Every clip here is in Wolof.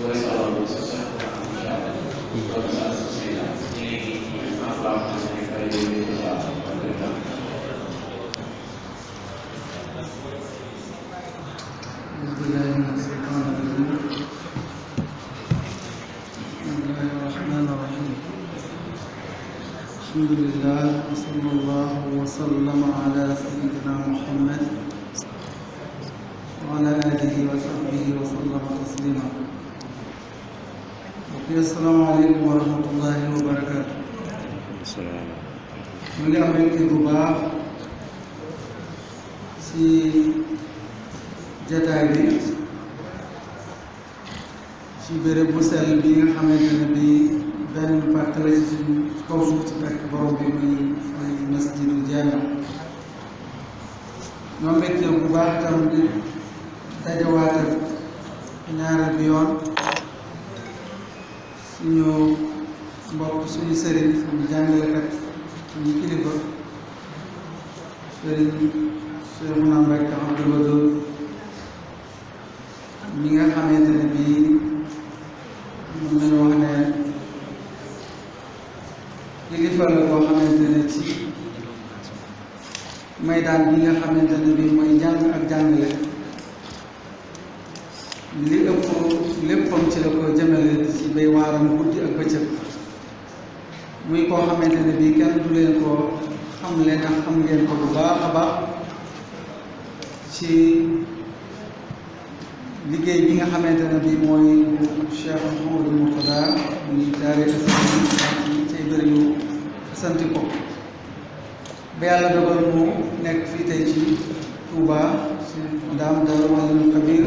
بسم الله الرحمن الرحيم الحمد لله وصلى الله وسلم على سيدنا محمد وعلى آله وصحبه وسلم تسليما السلام عليكم ورحمة الله وبركاته السلام من أمين كذباء سي جتاي بي ci béréb bu sell bi nga xamante ne bi benn pàcc la ci kaw suuf ci pàcc borom bi muy ay masjidu jaana ñoo mbégte bu baax tam di dajawaat ak ñaareel bi yoon suñu mbokk suñu sëriñ suñu jàngalekat suñu kilifa sëriñ sëriñ Mame Mbacké Abdou Wadoud mi nga xamante ne bii mën nañu wax ne kilifa la boo xamante ne ci may daal bi nga xamante ne bii mooy jàng ak jàngale li ëpp léppam ci la ko jëmale ci bay waaram guddi ak bëccëg muy koo xamante ne bii kenn du leen ko xam leen ak xam ngeen ko bu baax a baax ci liggéey bi nga xamante ne bii mooy Cheikh Mouhamadou Mourtada muy daare asani cay bëriyu santi ko ba yàlla dogal mu nekk fii tey ci Touba ci Ndaam Daaru Alimul Xabiir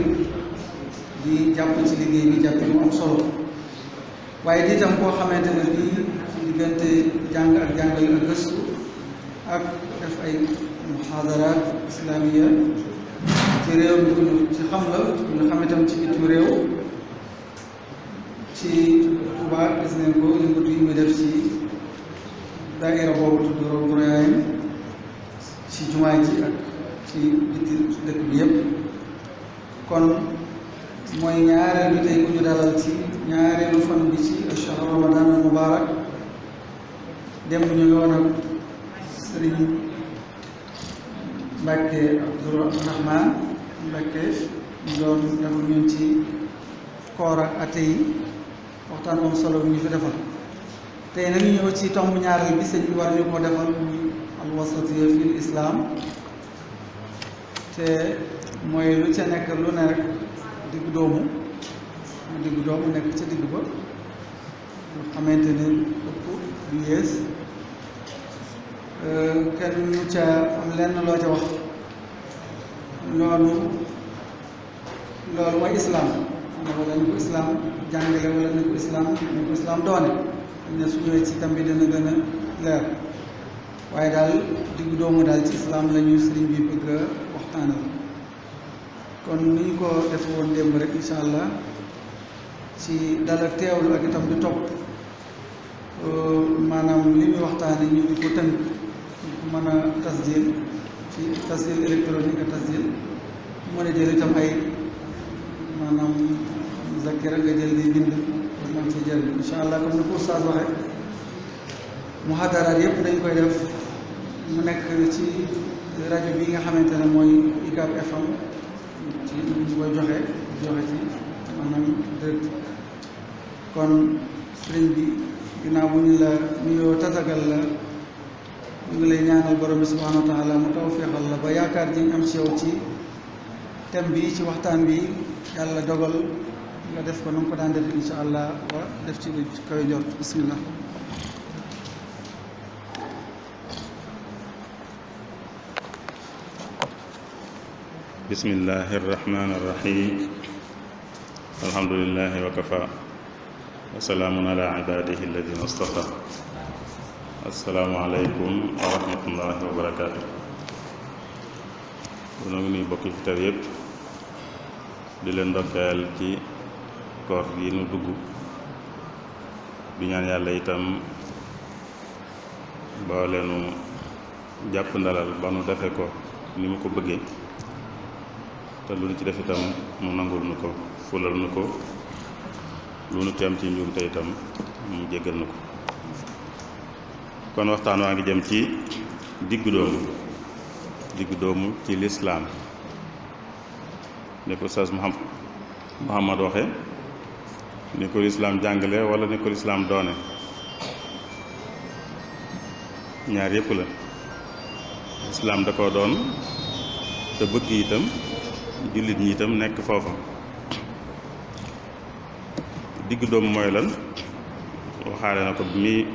di jàpp ci liggéey bi jàpp mu am solo waaye di itam koo xamante ne bii diggante jàng ak jàngale ak gëstu ak def ay muhaadaraat islamiya ci réew mi ci xam la ñu xam itam ci bitim réew ci Tuubaa gis nañ ko yëngatu yi muy def ci daaira boobu tudd Rawdu Rayaahin ci jumaa ji ak ci bitti dëkk bi yépp kon mooy ñaareelu tey bu ñu dalal ci ñaareelu fan bi ci shahru ramadan al dem ñu yoon ak sëriñ Mbàkke Abdourahman Mbàkke ñu doon def ñun ci koor ak ate waxtaan am solo bi ñu fi defal tey nag ñëw ci tomb ñaareel bi sëñ bi ñu ko defal muy alwasatiya fil islam te mooy lu ca nekk lu ne rek diggu doomu mu diggu doomu nekk ca digg ba xamante ni ëpp du euh, kenn mu ca am lenn loo ca wax loolu loolu mooy islaam am wala ko islaam jàngale wala ni ko islaam ni islaam doone ne su ñëwee ci tam bi dana gën a leer waaye daal diggu doomu daal ci islaam la ñuy bi bëgg a waxtaanal kon ni ko def woon démb rek incha allah ci dala teewlu ak itam di topp euh, maanaam li ñu waxtaane ñu ngi ko a tasdil ci tasdil électronique ak tasdil mën a jël itam ay maanaam zakira nga jël di bind pour man ci jël incha allah comme ni ko oustaz waxe mu xadaraat yépp dañ ko def mu nekk ci rajo bi nga xamante ne mooy UCAB FM ci ñu ci koy joxe joxe ci maanaam direct kon sëriñ ginnaaw bu ñu la nuyoo tasagal la ñu ngi lay ñaanal borom bi subhanahu mu taw feexal la ba yaakaar ji am ci yow ci thème bi ci waxtaan bi yàlla dogal nga def ko nu ko daan def insha allah wa def ci kaw jot bismillah بسم الله الرحمن الرحيم الحمد لله وكفى وسلام على عباده الذين اصطفى السلام عليكم ورحمه الله وبركاته ونغني بوكي تريب di len dokkal ci koor yi ñu dugg bi ñaan yalla itam ba leenu te lu ñu ci def itam mu nangul nu ko fulal nu ko lu nu ci am ci njuumte itam mu jéggal nu ko kon waxtaan waa ngi jëm ci diggu doomu diggu doomu ci lislaam ne ko Oustaz Muhammad waxe ni ko jàngale wala ni ko doone ñaar yëpp la lislaam da koo doon te bëgg itam julit ñi itam nekk foofa digg doomu mooy lan waxaale na ko bi muy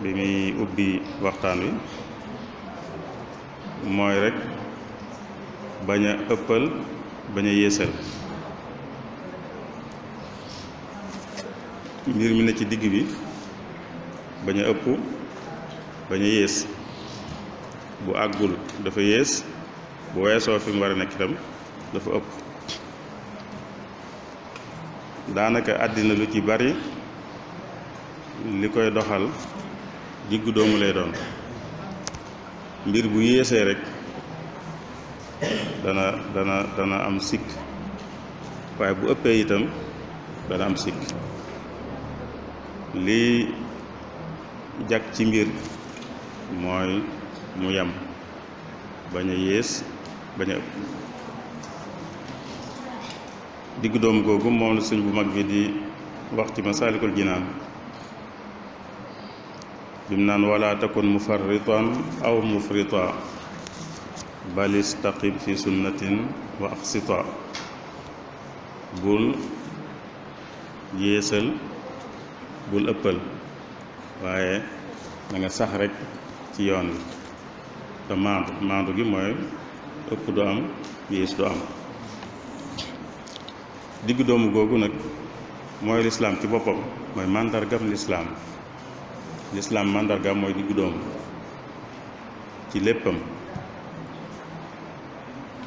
bi muy ubbi waxtaan wi mooy rek bañ a ëppal bañ a yeesal mbir mi ne ci digg bi bañ a ëpp bañ a yees bu àggul dafa yees bu weesoo fi mu war a nekk itam dafa ëpp daanaka àddina lu ci bari li koy doxal jiggu doomu lay doon mbir bu yéesee rekk dana dana dana am sikk waaye bu ëppee itam dana am sikk lii jag ci mbir mooy mu yem bañ a yées bañ Di doom googu moom la sëñ bu mag bi di wax ci masaalikul jinaan bim naan wala takun mufarritan aw mufrita bal istaqim fi sunnatin wa aqsita bul yeesal bul ëppal waaye da nga sax rek ci yoon bi te maandu maandu gi mooy ëpp du am yees du am diggu doomu googu nag mooy lislaam ci boppam mooy màndargam lislaam lislaam màndargam mooy diggu doomu ci léppam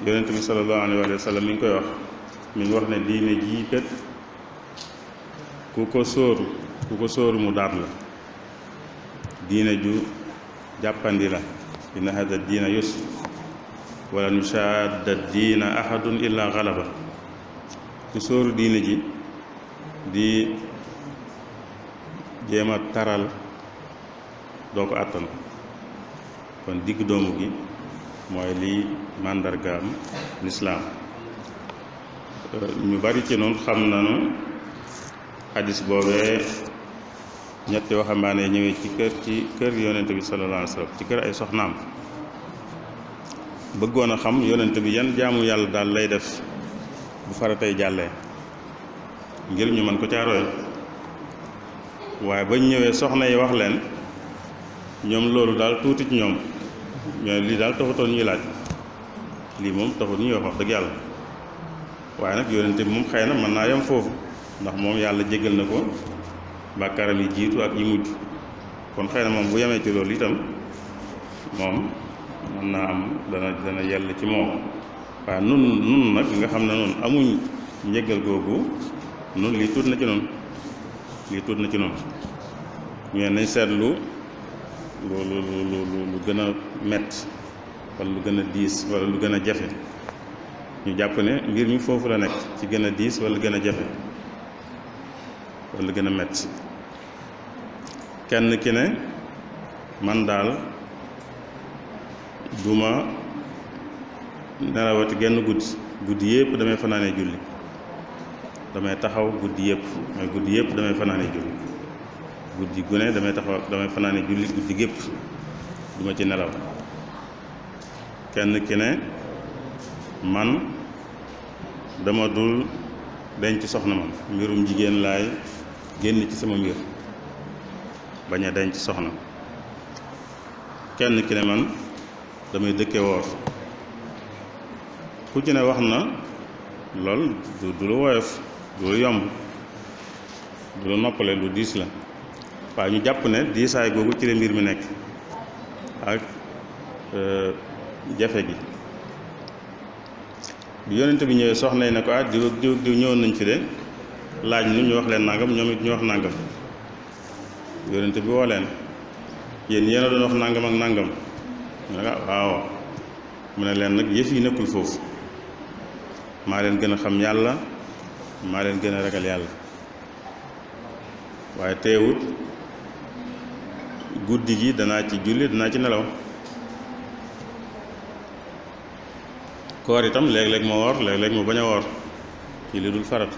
yonent bi sallallahu alayhi wa ngi koy wax mi ngi wax ne diine jii kat ku ko sóoru ku ko sóoru mu daat la diine ju jàppandi la inna hada diina yusr wala nushaadda diina ahadun illa galaba ci sooru diine ji di jéem a taral doo ko àttan kon digg doomu gi mooy li màndargaam lislaam ñu bari ci noonu xam nañu xadis boobee ñetti waxambaane ñëwee ci kër ci kër yonent bi sallallahu alayhi wasallam ci kër ay soxnaam bëggoon a xam yonent bi yan jaamu yàlla daal lay def bu faratay jàllee ngir ñu mën ko caa roy waaye bañ ñëwee soxna yi wax leen ñoom loolu daal tuuti ci ñoom ñooy lii daal taxutoon ñuy laaj lii moom taxut ñuy wax wax dëgg yàlla waaye nag yonente bi moom xëy na mën naa yem foofu ndax moom yàlla jégal na ko bàkkaaram yi jiitu ak yi mujj kon xëy na moom bu yemee ci loolu itam moom mën naa am dana dana yell ci moom waaw nun nun nag nga xam ne noonu amuñ njëgal googu nun lii tuut na ci noonu lii tuut na ci nañ seetlu lu lu lu lu gën a metti wala lu gën a diis wala lu gën a jafe ñu jàpp ne mbir mi foofu la nekk ci gën a diis wala gën a jafe wala gën a metti kenn ki ne man daal duma nelawati genn guddi guddi yépp damay fanaanee julli damay taxaw guddi yépp may guddi yépp damay fanaanee julli guddi gu ne damay taxaw damay fanaanee julli guddi gep duma ci nelaw kenn ki man dama dul denc soxna man mbirum jigen lay genn ci sama mbir baña a denc soxna kenn ki man damay dëkke wor ku ci wax na lool du lu woyof du lu yomb du lu noppale lu diis la waaye ñu jàpp ne diisaay googu ci la mbir mi nekk ak euh, jafe gi bi yonent bi ñëwee soxna yi ne ko ah diw diw diw ñëwoon nañ fi de laaj nu ñu wax leen nangam ñoom it ñu wax nangam yonent bi woo leen yéen yéen a doon wax nangam ak nangam ne ah, waaw mu ne leen nag yëf yi nekkul foofu maa leen gën a xam yàlla maa leen gën a ragal yàlla waaye teewut guddi gi danaa ci julli danaa ci nelaw koor itam léeg-léeg ma woor léeg-léeg ma bañ a woor ci li dul farat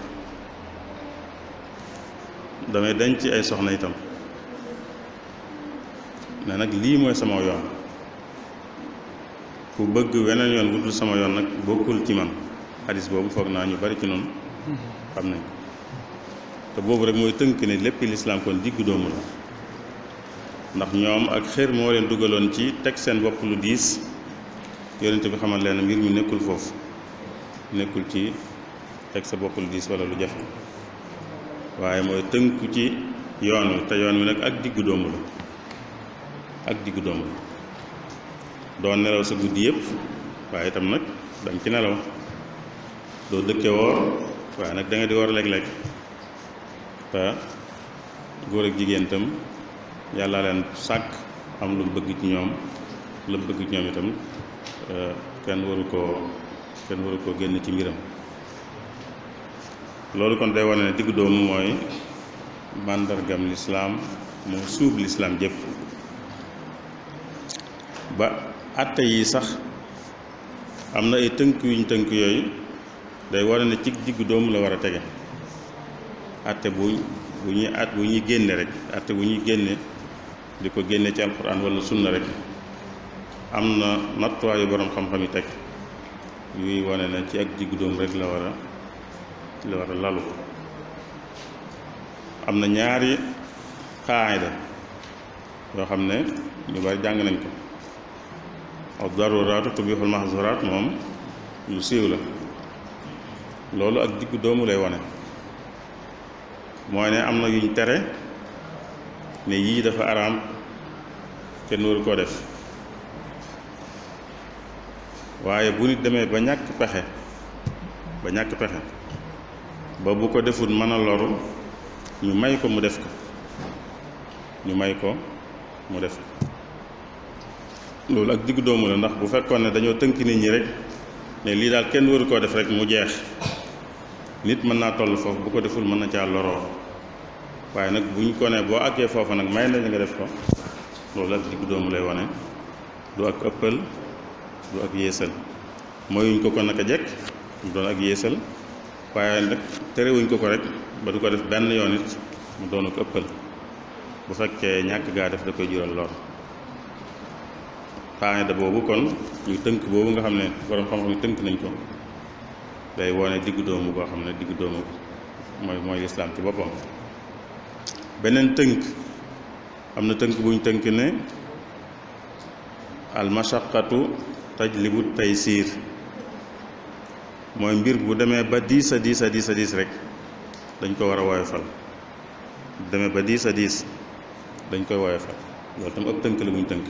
damay ci ay soxna itam ne nag lii mooy sama yoon ku bëgg weneen yoon bu sama yoon nag bokkul ci man xadis boobu foog naa ñu bari ci noonu xam nañ te boobu rek mooy tënk ne lépp lislaam koon diggu doomu la ndax ñoom ak xër moo leen dugaloon ci teg seen bopp lu diis yonente bi xamal leen mbir mu nekkul foofu nekkul ci teg sa bopp lu diis wala lu jafe waaye mooy tënku ci yoon wi te yoon wi nag ak diggu doomu la ak diggu doomu la doon nelaw sa guddi yëpp waaye itam nag dañ ci nelaw doo dëkke woor waaw nag da nga di woor léeg-léeg te góor ak jigéen yàlla leen sàkk am lu bëgg ci ñoom lu bëgg ci ñoom itam euh, kenn waru koo kenn waru koo génn ci mbiram loolu kon day wane ne diggu doomu mooy màndargam lislaam moo suub lislaam jëpp ba àtte yi sax am na ay tënk yuñ tënk yooyu day wane ne ci diggu doomu la war a tege atte bu bu ñuy at bu ñuy génne rek atte bu ñuy génne di ko génne ci alquran wala sunna rek am na nattuwaayu boroom xam-xam yi teg yuy wane na ci ak diggu doom rek la war a la war a lalu am na ñaari qaayda yoo xam ne ñu bari jàng nañ ko ad daruraatu tubihul mahzuraat moom lu siiw la loolu ak diggu doomu lay wane mooy ne am na yuñ tere ne yii dafa araam kenn waru koo def waaye bu nit demee ba ñàkk pexe ba ñàkk pexe ba bu ko deful mën a loru ñu may ko mu def ko ñu may ko mu def loolu ak diggu doomu la ndax bu fekkoon ne dañoo tënk nit ñi rek ne lii daal kenn wëru koo def rek mu jeex nit mën naa toll foofu bu ko deful mën na caa loroo waaye nag bu ñu ko ne boo àggee foofa nag may nañ nga def ko loolu ak diggu doomu lay wone du ak ëppal du ak yéesal mooyuñ ko ko naka jekk mu doon ak yéesal waaye nag terewuñ ko ko rek ba du ko def benn yoon it mu doon ak ëppal bu fekkee ñàkk gaa def da koy jural lor xaane da boobu kon ñu tënk boobu nga xam ne borom xam-xam yi tënk nañ ko day wone diggu doomu boo xam ne diggu doomu mooy mooy lislaam ci boppam beneen tënk am na tënk buñ tënk ne almashaqatu tajlibu taysiir mooy mbir bu demee ba diis a diis a diis a dañ ko war a woyofal bu demee ba diis a diis dañ koy woyofal loolu tam ëpp tënk la buñ tënk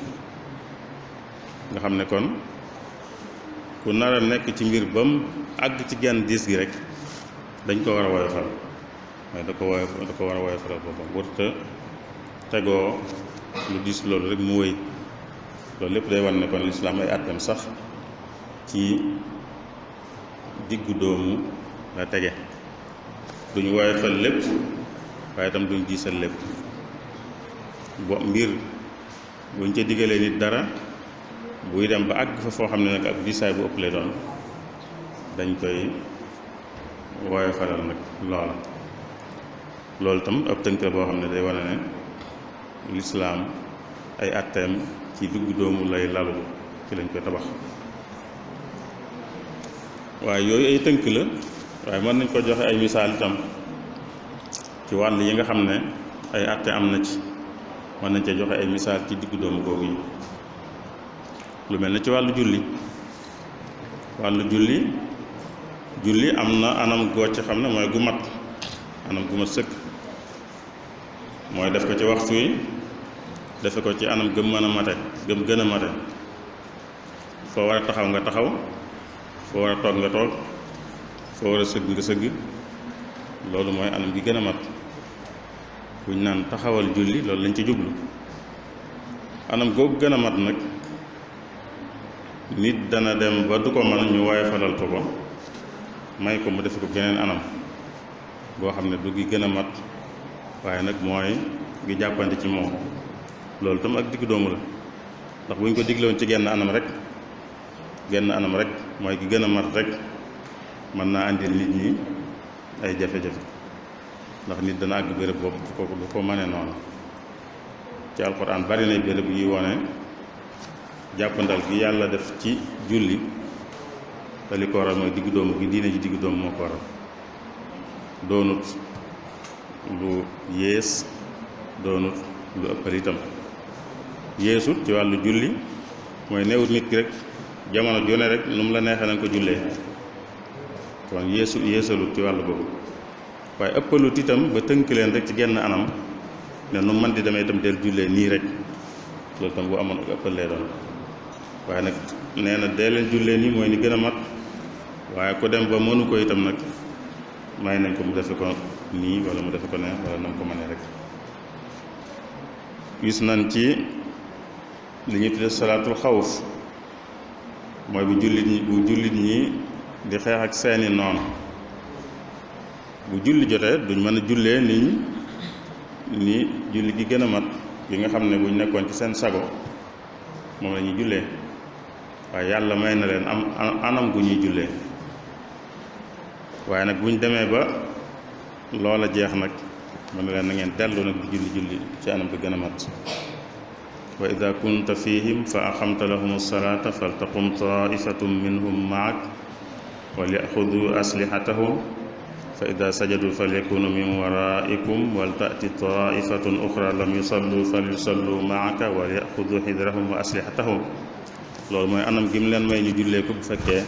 nga xam ne kon ku nar a nekk ci mbir bam àgg ci genn diis gi rek dañ ko war a woyofal waaye da ko woyof da ko war a woyofalal boppam wërta tegoo lu diis loolu rek mu wéy loolu lépp day wan ne kon lislaam ay àttam sax ci diggu doomu la tege duñ woyofal lépp waaye tam duñ diisal lépp bo mbir buñ ca digalee nit dara buy dem ba àgg fa foo xam ne nag ak diisaay bu ëpp lay doon dañ koy wooye faral nag loola loolu itam ab tënk la boo xam ne day wane ne lislaam ay atteem ci dugg doomu lay lalu ci lañ koy tabax waaye yooyu ay tënk la waaye mën nañ ko joxe ay misaal itam ci wàll yi nga xam ne ay atte am na ci mën nañ cee joxe ay misaal ci diggu doomu googu yi lu mel ne ci wàllu julli wàllu julli julli am na anam goo ci xam ne mooy gu mat anam gu mat sëkk mooy def ko ci waxtu yi defe ko ci anam gëm mën a gëm gën a mate foo war taxaw nga taxaw foo war toog nga toog foo war a sëgg nga sëgg loolu mooy anam gi gën a mat buñ naan taxawal julli loolu lañ ci jublu anam googu gën a mat nag nit dana dem ba du ko mën ñu waaye falal ko ko may ko mu def ko geneen anam boo xam ne du gi gën a mat waaye nag mooy gi jàppante ci moom loolu tam ak diggu doomu la ndax bu ñu ko digloon ci genn anam rek genn anam rek mooy gi gën a mat rek mën naa andil nit ñi ay jafe-jafe ndax nit dana àgg béréb boobu du ko du ko mënee noonu ci alxuraan bari na béréb yi wone jàppandal gi yàlla def ci julli te li ko waral mooy diggu doomu gi diine ji diggu doomu moo ko waral doonut lu yes doonut lu ëppal itam yéesut ci wàllu julli mooy newut nit ki rek jamono jone rek nu mu la neexee nañ ko jullee kon yéesu yéesalut ci wàllu boobu waaye ëppalut itam ba tënk leen rek ci genn anam ne nu man di demee itam del jullee nii rek loolu tam bu amoon ak ëppal lay doon waaye nag nee na dee leen jullee nii mooy ni gën a mat waaye ko dem ba mënu ko itam nag may nañ ko mu defe ko nii wala mu defe ko ne wala na ko mënee rek gis nañ ci li ñuy tudde salaatul xawf mooy bu jullit ñi bu jullit ñi di xeex ak seeni noonu bu julli jotee duñ mën a jullee ni ni julli gi gën a mat yi nga xam ne buñ nekkoon ci seen sago moom lañuy ñuy waaye yàlla may na leen am anam gu ñuy jullee waaye nag bu ñu demee ba loola jeex nag mu ne leen na ngeen dellu nag di julli julli ci anam bi gën a mat wa ida kunta fihim fa aqamta lahum alsalata faltaqum taifatum minhum maak wal yaxudu aslihatahum fa ida sajadu falyakunu min waraikum wal taati taifatun uxra lam yusallu falyusallu maaka wal yaxudu xidrahum wa aslihatahum loolu mooy anam gi mu leen may ñu jullee ko bu fekkee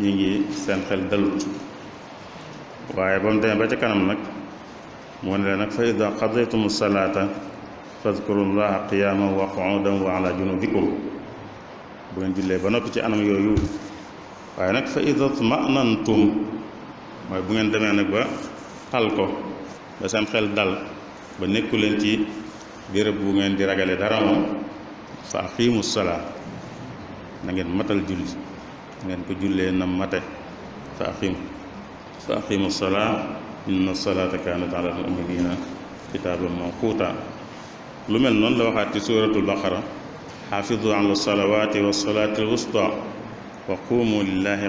ñu ngi seen xel dalul waaye ba mu demee ba ca kanam nag moo ne leen nag fa ida qadaytumu salaata fadkuru llaha qiyaaman wa qu'udan wa ala junubikum bu ngeen ba noppi ci anam yooyu nag fa ida tma'nantum mooy bu ngeen demee nag ba tal ko ba seen xel dal ba nekku leen ci béréb bu ngeen di ragale dara moom fa aqimu salaa nangeen ngeen matal julli na ko jullee na mate fa aqim fa aqimu salaa inna salaata kaanat ala al muminina kitaaban mawquuta lu mel noon la waxaat ci suuratul baqara xaafidu ala salawaati wa salaati al wusta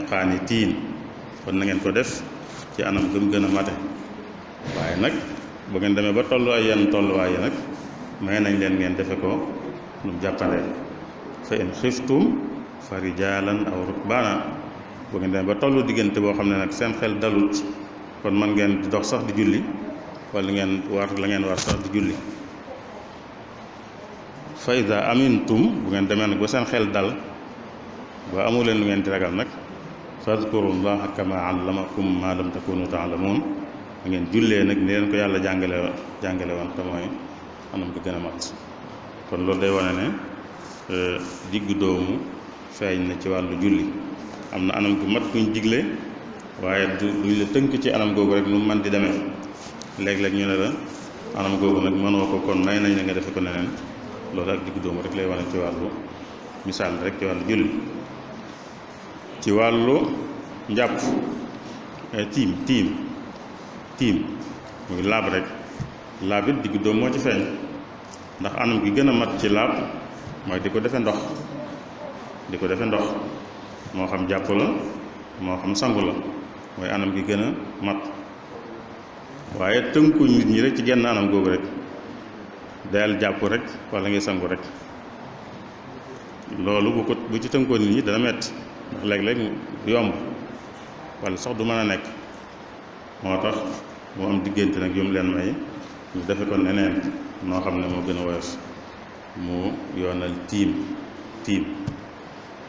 qaanitiin kon na ngeen ko def ci anam gëm gën a mate waaye nag bu ngeen demee ba tolluwaay yenn tolluwaay yi nag may nañ leen ngeen defe ko nu jàppandee fa in xiftum farijaalan aw rukbaana bu ngeen dem ba tollu digeenté bo xamné nak seen xel dalul kon man ngeen di dox sax di julli wala ngeen war la ngeen war sax di julli fa iza amintum bu ngeen demé nak ba seen xel dal ba amu len lu ngeen di ragal nak fadhkurullaha kama allamakum ma lam takunu ta'lamun ngeen julle nak ne len ko yalla jangale jangale won ta moy anam ko gëna mat kon day wone ne euh, diggu doomu feeñ na ci wàllu julli am na anam gu mat kuñ digle waaye du duñ la tënk ci anam googu rek nu man di demee léeg-léeg ñu ne la anam googu nag mënoo ko kon may nañ la nga defe ko neneen loolu ak diggu dóomu rek lay wane ci wàllu misaal rek ci wàllu julli ci wàllu njàpp eh, tiim tiim tiim muy rek laab it diggu moo ci feeñ ndax anam gi gën a mat ci laab mooy di ko defe ndox di ko defe ndox moo xam jàpp la moo xam sangu la mooy anam gi gën a mat waaye tënkuñ nit ñi rek ci genn anam googu rek dayal jàpp rek walla ngay sangu rek loolu bu ko bu ci tënkoo nit ñi dana metti ndax léeg-léeg yomb wala sax du mën a nekk moo tax mu am diggante nag yum leen may ñu defe ko neneen noo xam ne moo gën a woyof mu yoonal tiim tiim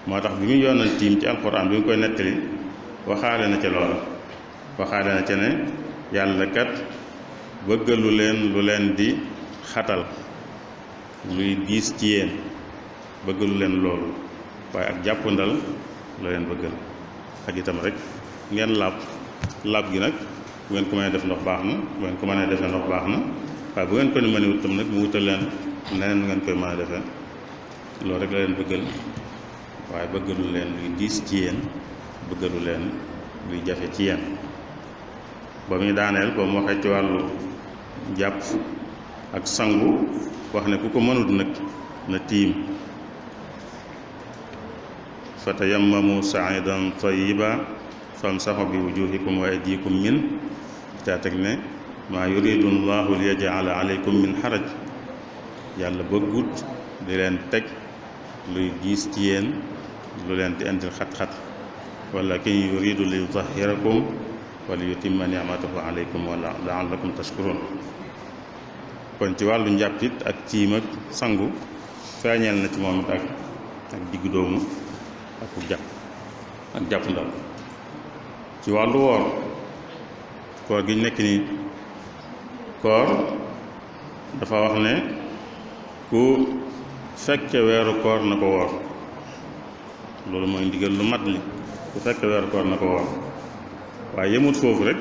motax tax bi mu yoonal tiim ci alquran bi mu koy nettali waxaale na ci loola waxale na ci ne yalla kat beugalu len lu len di khatal luy diis ci yeen beugalu len loolu way ak jappandal lo len beugal ak itam rek ngeen lab lab gi nak bu ngeen ko mënee def ndox baxna bu ngeen ko mënee def ndox baxna way bu ngeen ko ni mënee wut mu wutal len neneen ngeen koy mën a defee rek la len beugal waaye bëggalu leen luy diis ci yéen bëggalu leen luy jafe ci yéen ba muy daaneel ba mu waxee ci wàllu jàpp ak sangu wax ne ku ko mënut nag na tiim fa tayammamu saidan tayiba famsaxu bi wujuhikum wa aydikum min daa teg ne maa yuridu llahu li yajala aleykum min xaraj yàlla bëggut di leen teg luy diis ci yéen lu leen di indil khat xat walakin yuridu li yutahhirakum wa li yutimma ni'matahu alaykum wa la'allakum tashkurun kon ci walu njabtit ak tim ak sangu feeñeel na ci mom tak ak ak diggu doomu ak japp ak japp ndam ci walu wor ko gi nek ni koor dafa wax ne ku fekke wero kor na wor loolu mooy ndigal lu mat li bu fekk weer koor na ko woor waaye yemut foofu rek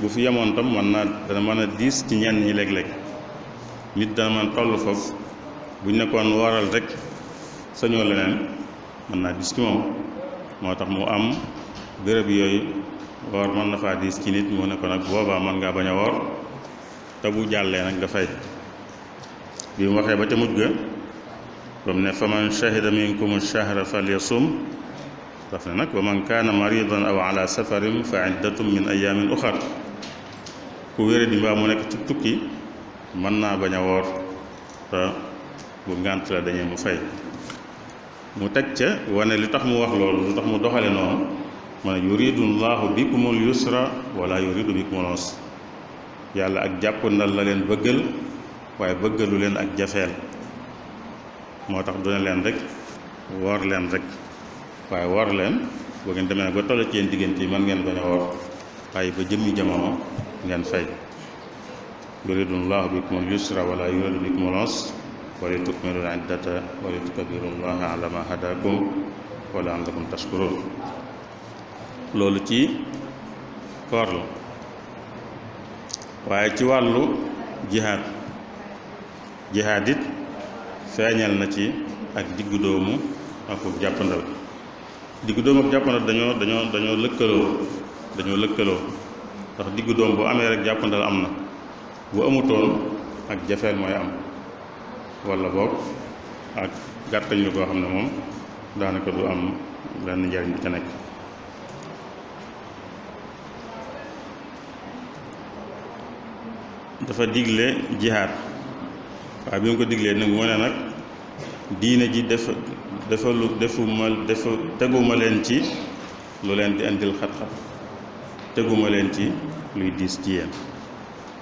bu fi yemoon tam man naa dana mën a diis ci ñenn ñi léeg-léeg nit dana mën toll foofu bu nekkoon waral rekk sañoo leneen mën naa diis ci moom moo tax mu am gërëb yooyu woor mën na faa diis ci nit mu ne ko boobaa mën ngaa bañ a woor te bu jàllee nag nga fay bi mu waxee ba ca mujj ga ومن فمن شهد منكم الشهر فليصوم تفنك ومن كان مريضا او على سفر فعدة من ايام اخر كوير دي بامو نيك توكي مننا باغا وور ف بو غانت لا داني مو فاي مو تكتا وانا لي تخ مو واخ لول لو تخ مو دوخالي نون من يريد الله بكم اليسر ولا يريد بكم العسر يالا اك جابنا لا لين بغل واي بغلو لين اك جافيل moo tax duna leen rek woor leen rek waaye woor leen bu ngeen demee ba toll ci yéen diggante yi mën ngeen bañ a woor waaye ba jëmmi jamono ngeen fay yuridullahu bikum al-yusra wala yuridu bikum al-usra wa litukmilu al-iddata wa llaha ala ma hadakum wala andakum tashkurun loolu ci koor la waaye ci wàllu jihaad jihadit feeñal na ci ak diggu doomu ak jàppandal diggu doomu ak jàppandal dañoo dañoo dañoo lëkkaloo dañoo lëkkaloo ndax diggu doom bu amee rek jàppandal am na bu amutoon ak jafeel mooy am walla boog ak gàttañ lu koo xam ne moom daanaka du am benn njariñ bi ca nekk dafa digle jihaad waaye bi ma ko diglee nag moo ne nag diine ji defa dafa lu defuma defa teguma leen ci lu leen di indil xat-xat teguma leen ci luy diis ci yéen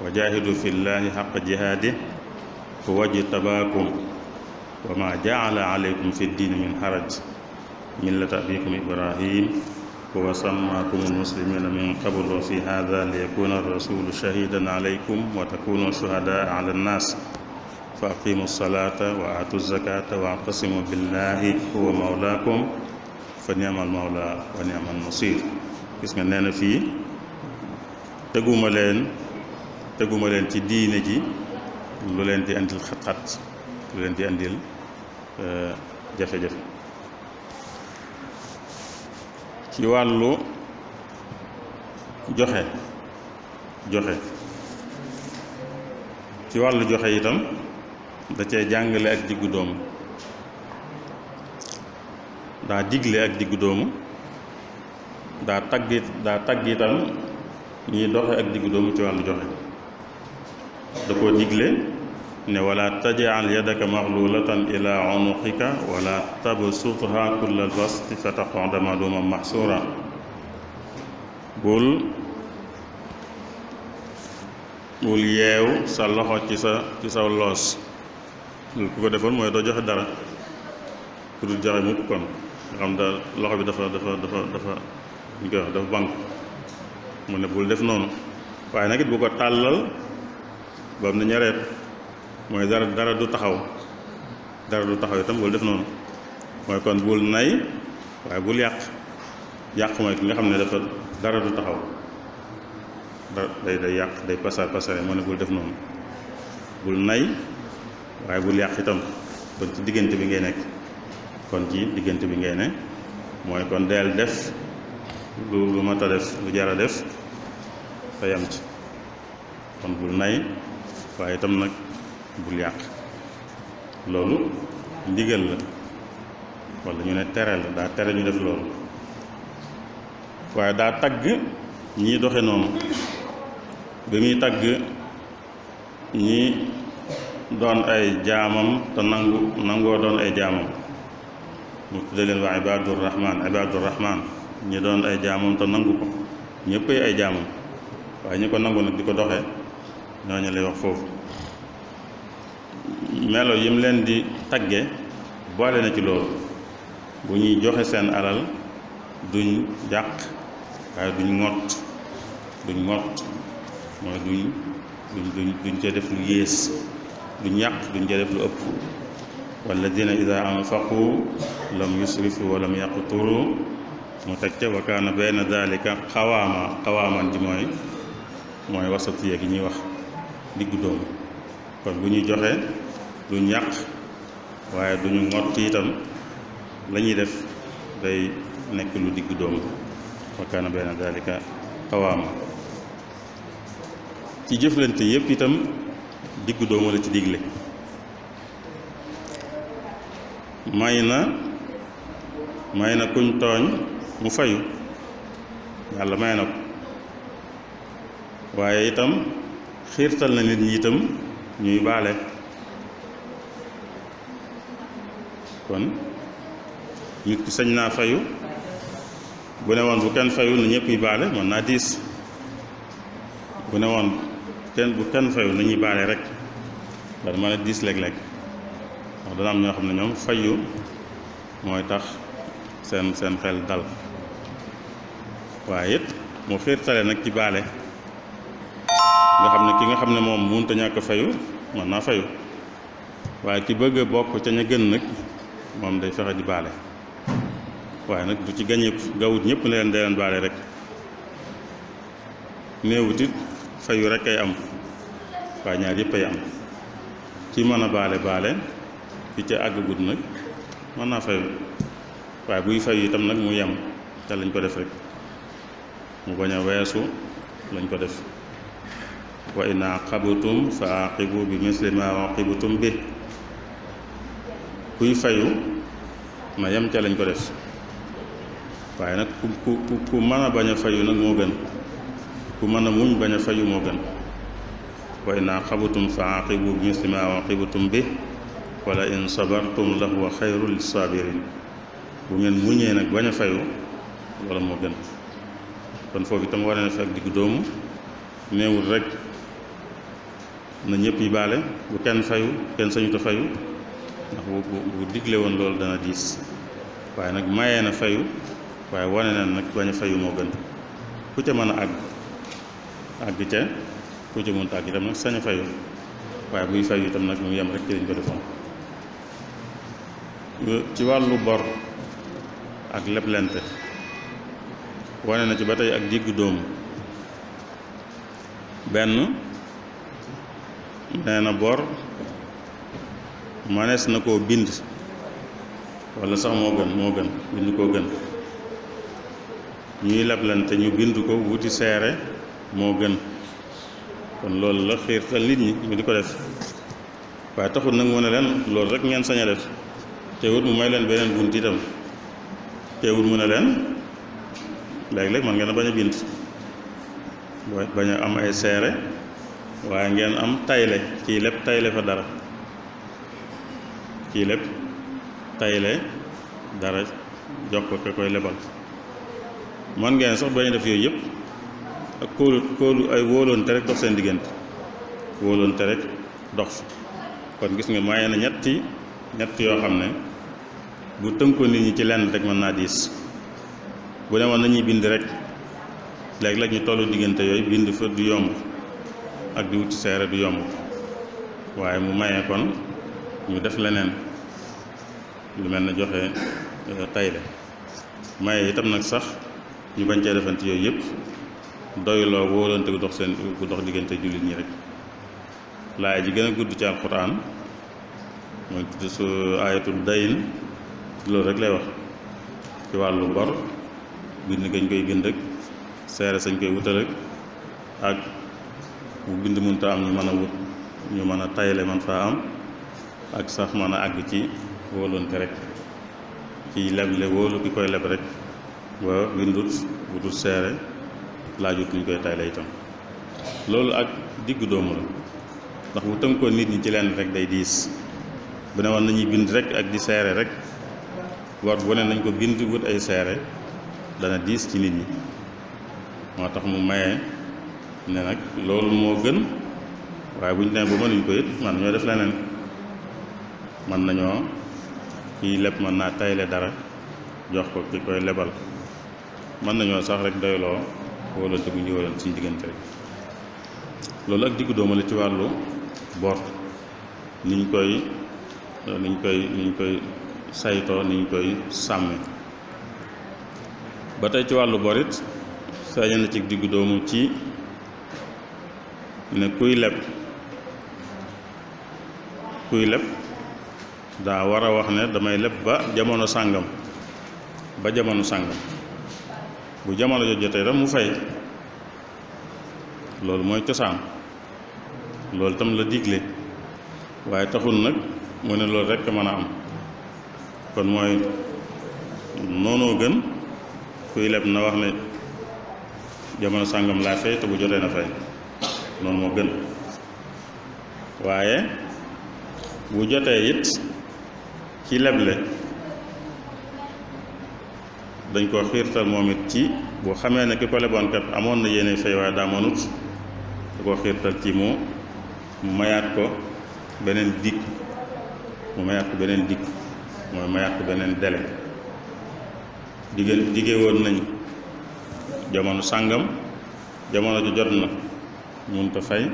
wa jaahidu fi llahi xaq jihaadi fu waji tabaakum wa ma jaala aleykum fi diini min xaraj millat abikum ibrahim huwa sammaakum almuslimina min qabl wa fi hada liyakuna arrasulu shahidan alaykum wa takunu shuhadaa ala annaas فأقيموا الصلاة وآتوا الزكاة واعتصموا بالله هو مولاكم فنعم المولى ونعم النصير كيسنا نانا في تقو ملين تقو ملين تي دينجي لولين تي أندل خطات لولين تي أندل جفة جفة تي والو جوخي جوحي تي والو جوخي يتم جوخي da cee jàngale ak diggu doomu daa ak diggu doomu daa tàggit daa tàggitam ñiy doxe ak diggu doomu ci wàllu joxe da koo digle ne wala tajal yadaka maxlulatan ila unuqika wala tabsutha kulla albasti fa taquda maluman mahsura bul bul yeew sa loxo ci sa ci sa loos ku ko defoon mooy doo joxe dara ku dul joxe mukk kon nga xam daal loxo bi dafa dafa dafa dafa ñu koy wax dafa banque mu ne bul def noonu waaye nag it bu ko tàllal ba am na ñareet mooy dara dara du taxaw dara du taxaw itam bul def noonu mooy kon bul nay waaye bul yàq yàq mooy ki nga xam ne dafa dara du taxaw da day day yàq day pasar pasare moo ne bul def noonu bul nay waaye bul yàq itam kon ci diggante bi ngay nekk kon ci diggante bi ngay ne mooy kon deel def lu lu mat a def lu jar a def te yam kon bul nay waaye itam nag bul yàq loolu ndigal la walla ñu ne tere la daa tere ñu def loolu waaye daa tagg ñii doxe noonu bi muy tagg ñi doon ay jaamam te nangu nangoo doon ay jaamam mu tudde leen waa ibadurahman ibadurahman ñi doon ay jaamam te nangu ko ñëpp ay jaamam waaye ñi ko nangu nag di ko doxe ñooñu lay wax foofu melo yi leen di tagge boole na ci loolu bu ñuy joxe seen alal duñ jàq waaye duñ ngott duñ ngott mooy duñ duñ duñ duñ def lu yées duñ yàq duñ jëlef lu ëpp walladina ida anfaqu lam yusrifu wa lam yaqturu mu teg ca wa kaana bayna dalika xawaama xawaaman ji mooy mooy wasatiye gi ñuy wax diggu doomu kon bu ñu joxe lu yàq waaye duñu ngott itam lañuy def day nekk lu diggu doom wa kaana bayna xawaama ci jëflante yépp itam diggu doomu la ci digle may na may na kuñ tooñ mu fayu yàlla may na ko waaye itam xiirtal na nit ñi itam ñuy baale kon nit ku sañ naa fayu bu ne woon bu kenn fayul na ñëpp baale mën naa diis bu ne woon kenn bu kenn fayul na ñuy baale rek dana mën a diis léeg-léeg ndax dana am ñoo xam ne ñoom fayu mooy tax seen seen xel dal waaye it mu xiirtale nag ci baale nga xam ne ki nga xam ne moom mënut a ñàkk fayu mën naa fayu waaye ki bëgg a bokk ca ña gën nag moom day fexe di baale waaye nag du ci gañe gawut ñëpp ne leen baale rek néewut it fayu rek ay am waaye ñaar yëpp ay am ki mën a baale baale ki ca àgg gudd nag mën naa fay waaye buy fay itam nag mu yem te lañ ko def rek mu bañ a weesu lañ ko def wa in aqabtum fa aqibu bi misli ma fayu na ca lañ ko def waaye nag ku ku ku mën a bañ a fayu nag moo gën ku mën a muñ bañ a fayu moo gën وإن عاقبتم فعاقبوا بمثل ما عاقبتم به ولئن صبرتم لهو خير للصابرين بمن مني نك بني فيو ولا مجن كن فوقي تم وانا فك ديك دوم نيو رك نيبي بالي وكان فيو كان سنيو تفيو نحو بديك لون لول دنا ديس waye nak mayena fayu waye wonena nak bañu fayu mo gën ku ca mëna ag ag ci ko jëmoon tàgg itam nag sañ a fayu waaye buy fayu itam nag mu yem rek ci lañ ko defoon ci wàllu bor ak leblente wane na ci ba tey ak diggu dóomu benn nee na bor manees na koo bind walla sax moo gën moo gën bind koo gën ñuy leblante ñu bind ko wuti seere moo gën kon loolu la xiirtal nit ñi ñu di ko def waaye taxul nag mu ne leen loolu rek ngeen sañ a def teewul mu may leen beneen bunt itam teewul mu ne leen léeg-léeg man ngeen a bañ a bind bañ a am ay seere waaye ngeen am tayle ci lépp tayle fa dara ci lépp tayle dara jox ko koy lebal man ngeen sax bañ a def yooyu yëpp ak kóolu kóolu ay wóolonte rek dox seen diggante wóolonte rek dox fi kon gis nga maye na ñetti ñett yoo xam ne bu tënkoon nit ñi ci lenn rek mën naa diis bu demoon nañuy bind rek léeg-léeg ñu tollu diggante yooyu bind fa du yomb ak di wut ci seere du yomb waaye mu maye kon ñu def leneen lu mel ne joxe euh, tayle maye itam nag sax ñu bañ cee defante yooyu yëpp doyloo wóolante gu dox seen gu dox diggante jullit ñi rek laay gën a gudd ci alquran loolu rek lay wax ci wàllu bor bind gañ koy gënd ak seere sañ koy wutal ak bu bind mënta am ñu mën a wut ñu mën a tayle man faa am ak sax mën a àgg ci wóolante rek ci leble wóolu ki koy leb rek ba bindut wutul seere laajut ñu koy tay la tam loolu ak diggu doomu la mu bu tënkoon nit ñi ci lenn rek day diis bu ne woon nañuy bind rek ak di seere rek war bu ne nañ ko bind wut ay seere dana diis ci nit ñi moo tax mu maye ne nag loolu moo gën waaye bu ñu demee ba mënuñ ko it man nañoo def leneen man nañoo kii leb mën naa tayle dara jox ko ki koy lebal mën nañoo sax rek doyloo wala te gu ñu waral suñu diggante rek loolu ak diggu doomu la ci wàllu bor niñ koy niñ koy niñ koy saytoo niñ koy sàmme ba tey ci wàllu bor it feeña na ci diggu doomu ci ne kuy leb kuy leb daa war a wax ne damay leb ba jamono sàngam ba jamono sàngam bu jamono jo jotee tam mu fay loolu mooy cosaan loolu tam la digle waaye taxul nag mu ne loolu rekk mën a am kon mooy noonoo gën kuy leb na wax ne jamono sàngam laa fay te bu jotee na fay non moo gën waaye bu jotee it ci leble dañ koo xiirtal moom it ci boo xamee ne ki ko leboonkat amoon na yéene fay waaye daa mënut da koo xiirtal ci mu mayaat ko beneen dikk mu mayaat ko beneen dikk mooy mayaat ko beneen dele digg diggee woon nañ jamono sàngam jamono ju jot na mënut ko fay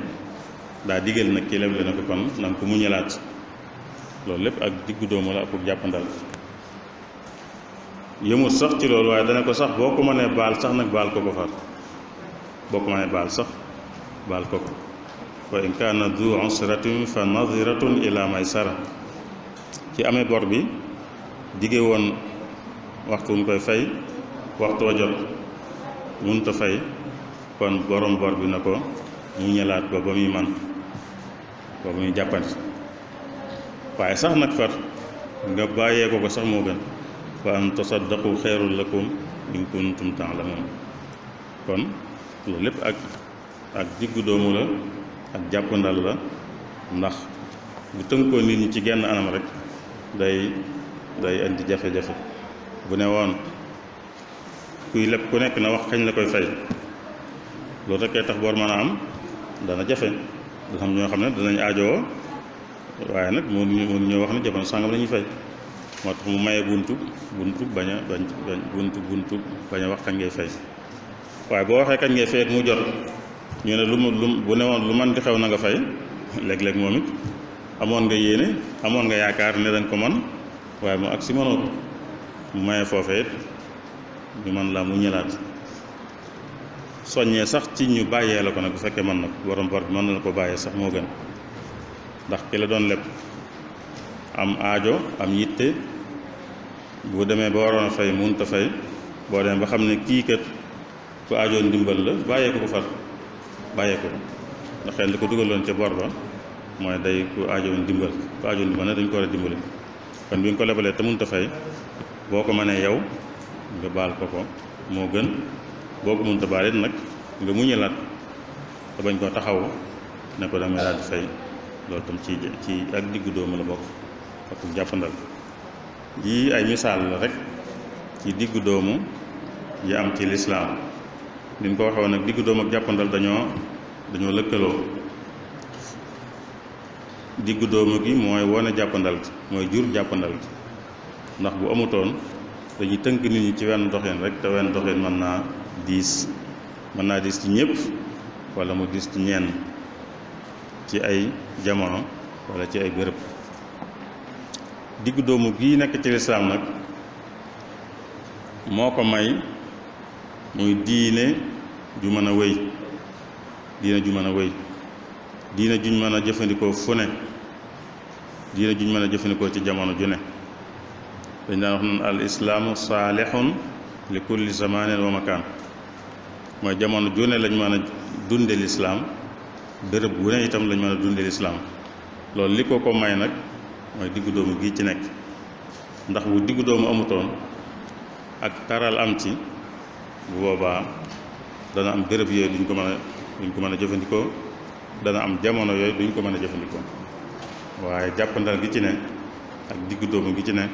daa diggal nag ki leble na ko kon na nga ko muñalaat loolu lépp ak diggu doomu la ak jàppandal yëmul sax ci loolu waaye dana ko sax boo ko mënee baal sax nag baal ko ko far boo ko mënee baal sax baal ko ko wa in kaana du usratin fa nadiratun ila maysara ci amee bor bi digge woon waxtu mu koy fay waxtu wa jot munta fay kon borom bor bi na ko mu ñëlaat ba ba muy man ba ba jàppandi waaye sax nag far nga bàyyee ko ko sax moo gën fa an tasaddaqu xeerul la lakum in kuntum ta'lamun kon loolu lépp ak ak diggu doomu la ak jàppandal la ndax bu tënkoo nit ñi ci genn anam rek day day indi jafe-jafe bu ne woon kuy leb ku nekk na wax kañ la koy fay loolu rekkee tax boor mën a am dana jafe dana ñoo xam ne danañ aajowoo waaye nag mënuñu mënuñu wax ne jamono sàngam lañuy ñuy moo tax mu maye buntu buntu bañ a bañ buntu buntu baña wax kañ ngay fay waaye boo waxee kañ ngay fay mu jot ñu ne lu mu lu bu ne woon lu man di xew na nga fay léeg-léeg moom it amoon nga yéene amoon nga yaakaar ne dañ ko man waaye mu ak si mënoo ko mu maye foofe it ñu man laa mu ñëlaat soññee sax ci ñu bàyyee la ko nag bu fekkee mën na ko borom bor bi mën na la ko bàyyee sax moo gën ndax ki la doon leb am aajo am yitte bu demee ba waroon a fay mënut a fay boo demee ba xam ne kii kat ku aajoon ndimbal la bàyyeeku ko far bàyyeeku ko ndax xel li ko dugaloon ca bor ba mooy day ku aajoon ndimbal ku aajoon ndimbal nag dañ ko war a dimbali kon ko lebalee te mënut boo ko mënee yow nga baal ko ko moo gën boo ko mënut a baal it nag nga muñalaat te bañ koo taxaw ne ko damay daal di fay loolu tam ci ci ak diggu doomu la bokk ak jàppandal yi ay misal la rek ci diggu doomu yi am ci l'islam nim ko waxo nak diggu doom ak jappandal daño daño lekkelo diggu doom gi moy wona jappandal gi mooy jur jappandal gi ndax bu amuton dañuy teunk nit ñi ci wenn doxin rek te wenn doxin man na dis man na dis ci ñepp wala mu diis ci ñen ci ay jamono wala ci ay bërëb diggu doomu gii nekk ci lislaam nag moo ko may muy diine ju mën a wéy diine ju mën a wéy diine juñ mën a jëfandikoo fu ne diine juñ mën a jëfandikoo ci jamono ju ne dañ daan wax naan al islaamu li kulli zamanin wa mooy jamono ju ne lañ mën a dunde lislaam bërëb bu ne itam lañ mën a dunde lislaam loolu li ko ko may nag mooy diggu doomu gi ci nekk ndax bu diggu doomu amutoon ak taral am ci bu boobaa dana am béréb yooyu duñ ko mën duñ ko mën a jëfandikoo dana am jamono yooyu duñ ko mën a jëfandikoo waaye jàppandal gi ci ne ak diggu doomu gi ci ne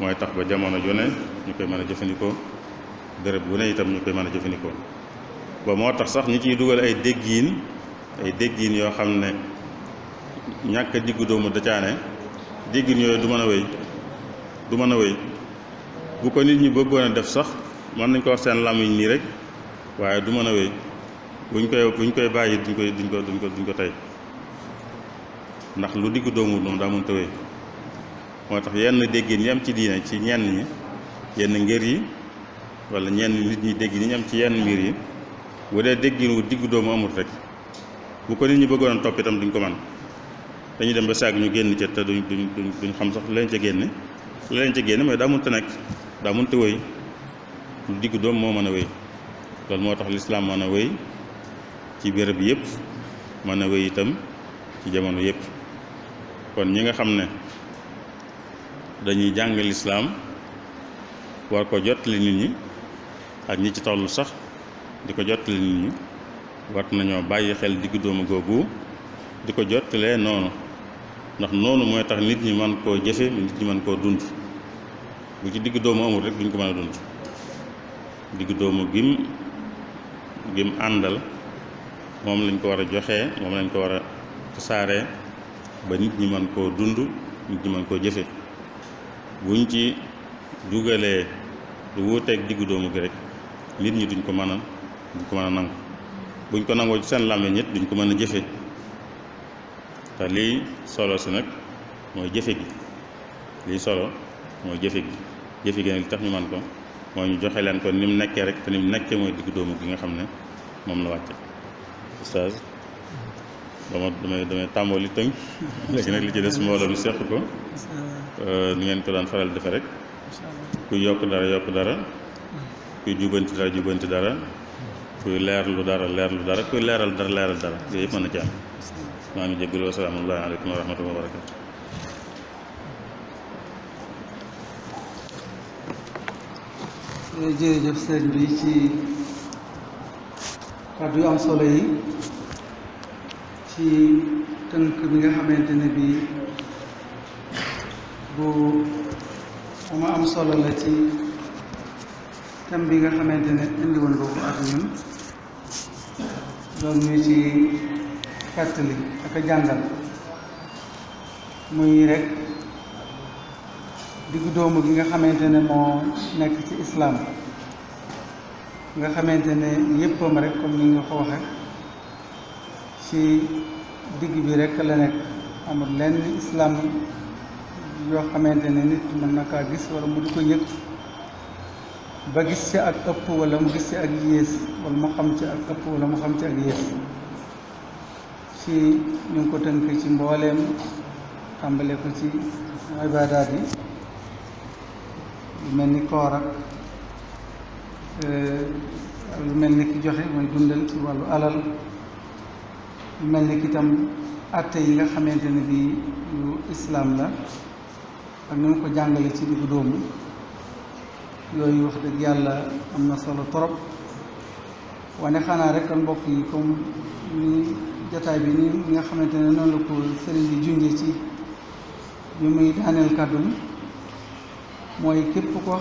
mooy tax ba jamono ju ñu koy mën a jëfandikoo béréb bu ne itam ñu koy mën a jëfandikoo ba moo tax sax ñu ciy dugal ay déggiin ay déggiin yoo xam ne ñàkk diggu doomu dacaane déggin yooyu du mën a wéy du mën a wéy bu ko nit ñi bëggoon a def sax mën nañ ko wax seen làmmiñ nii rek waaye du mën a wéy buñ koy buñ koy bàyyi duñ koy duñ ko duñ ko duñ ko tey ndax lu digg doomu moom daa mënta wéy moo tax yenn déggin yi am ci diine ci ñenn yi yenn ngër yi wala ñenn nit ñi dégg ni am ci yenn mbir yi bu dee déggin wu diggu doomu amul rek bu ko nit ñi bëggoon topp itam duñ ko man dañuy dem ba saag ñu génn ca te duñ duñ xam sax lu leen ca génne leen ca génne mooy daa mënta nekk daa mënta lu diggu doom moo mën a wéy loolu moo tax lislaam mën a wéy ci béréb yépp mën a wéy itam ci jamono yëpp kon ñi nga xam ne dañuy jàng lislaam war ko jottali nit ñi ak ñi ci toll sax di ko jottali nit ñi war nañoo bàyyi xel diggu doomu googu di ko jottalee noonu ndax noonu mooy tax nit ñi man koo jëfe nit ñi man koo dund bu ci diggu doomu amul rek duñ ko man a dund diggu doomu gim gim àndal moom lañ ko war a joxe moom lañ ko war a tasaaree ba nit ñi man koo dund nit ñi man koo jëfe buñ ci dugalee lu wuuteeg diggu doomu gi rek nit ñi duñ ko mën a duñ ko mën a nangu buñ ko nangoo ci seen làmmiñ it duñ ko mën a jëfe te lii solo si nag mooy jëfe gi lii solo mooy jëfe gi jëfe gi nag li tax ñu man ko mooy ñu joxe leen ko ni mu nekkee rek te ni mu nekkee mooy digg doomu gi nga xam ne moom na wàcce oustaz dama damay damay tàmbali tënk léegi nag li ci des mbooloo mi seq ko euh, ni ngeen ko daan faral defe rek ku yokk dara yokk dara kuy jubanti dara jubanti dara kuy leerlu dara lu dara kuy leeral dara leeral dara yooyu yëpp mën na ci maa ngi jégalu wa salaamullahi aleykum wa bi ci kàddu yu am solo yi ci tënk bi nga xamante ne bii bu ama am solo la ci thème bi nga xamante ne indi woon boobu ak ñun doon ñu ci fàttali ak a jàngal muy rek diggu doomu gi nga xamante ne moo nekk ci islaam nga xamante ne yéppam rek comme ni nga ko waxee ci digg bi rek la nekk amul lenn islaam yoo xamante ne nit mën na kaa gis wala mu di ko yëg ba gis ci ak ëpp wala mu gis ci ak yées wala mu xam ci ak ëpp wala mu xam ci ak yées ci ñu ngi ko tënk ci mbooleem tàmbale ko ci ibaadaat yi lu mel ni koor ak eh, lu mel ni ki joxe mooy dundal ci wàllu alal lu mel ni ki itam atte yi nga xamante ni bi yu islaam la ak ni mu ko jàngale ci diggu doomu yooyu wax dëgg yàlla am na solo torop wane xanaa rek kon mbokk yi comme ni jotaay bii nii nga xamante ne noonu la ko sëriñ bi junge ci bi muy daaneel kàddu mooy képp ko